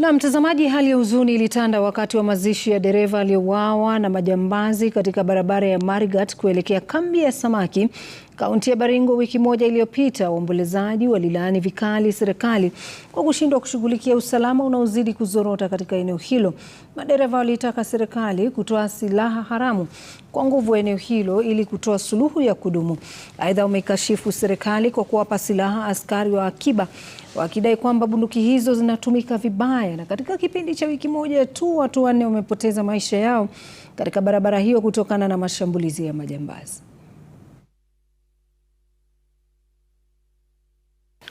Na mtazamaji, hali ya huzuni ilitanda wakati wa mazishi ya dereva aliyeuawa na majambazi katika barabara ya Marigat kuelekea kambi ya samaki kaunti ya Baringo wiki moja iliyopita. Waombolezaji walilaani vikali serikali kwa kushindwa kushughulikia usalama unaozidi kuzorota katika eneo hilo. Madereva waliitaka serikali kutoa silaha haramu kwa nguvu eneo hilo ili kutoa suluhu ya kudumu. Aidha, wameikashifu serikali kwa kuwapa silaha askari wa akiba wakidai kwamba bunduki hizo zinatumika vibaya, na katika kipindi cha wiki moja tu watu wanne wamepoteza maisha yao katika barabara hiyo kutokana na mashambulizi ya majambazi.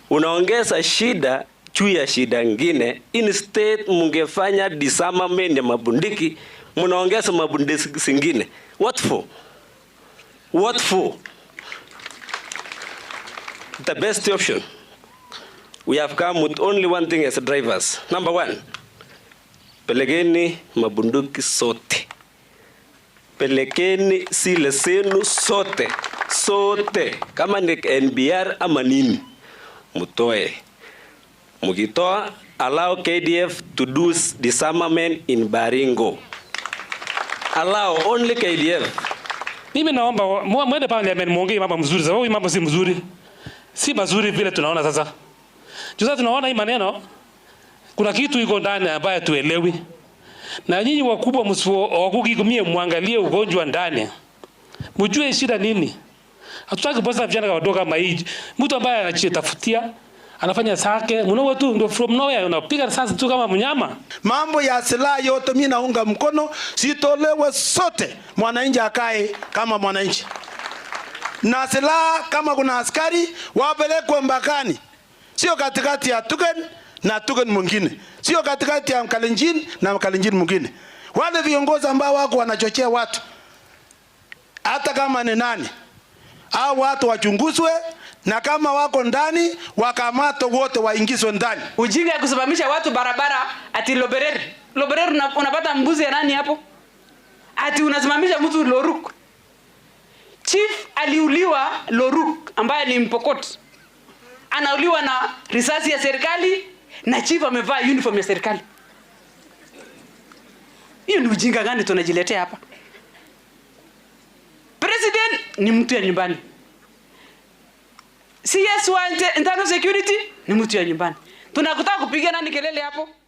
Unaongeza shida juu ya shida ngine. Instead mungefanya disarmament ya mabundiki, mnaongeza mabundiki zingine. What for? What for? The best option we have come with only one thing as drivers. Number one, pelekeni mabunduki sote, pelekeni sile zenu sote sote, kama ni NBR ama nini, mutoe. Mukitoa, allow KDF to do disarmament in Baringo. Allow only KDF. Mimi naomba mwende pale, muongee mambo mzuri, sababu mambo si mzuri, si mazuri vile tunaona sasa. Sasa tunaona hii maneno kuna kitu iko ndani ambayo tuelewi. Na nyinyi wakubwa msiwakugigumie mwangalie ugonjwa ndani. Mjue shida nini? Hatutaki pesa vijana wadogo kama hii. Mtu ambaye anachitafutia anafanya sake mnao tu ndio from nowhere unapiga sasa tu kama mnyama. Mambo ya silaha yote mimi naunga mkono, sitolewe sote. Mwananchi akae kama mwananchi, na silaha kama kuna askari wapelekwe mpakani sio katikati ya Tugen na Tugen mwingine, sio katikati ya Kalenjin na Kalenjin mwingine. Wale viongozi ambao wako wanachochea watu, hata kama ni nani, au watu wachunguzwe na kama wako ndani wakamato wote waingizwe ndani. Ujinga ya kusimamisha watu barabara ati Loberer. Loberer unapata mbuzi ya nani hapo? Ati unasimamisha mtu Loruk. Chief aliuliwa Loruk ambaye ni Mpokot anauliwa na risasi ya serikali na chifu amevaa uniform ya serikali. Hiyo ni ujinga gani tunajiletea hapa? President ni mtu ya nyumbani. CS wa internal security ni mtu ya nyumbani. Tunakutaka kupiga nani kelele hapo?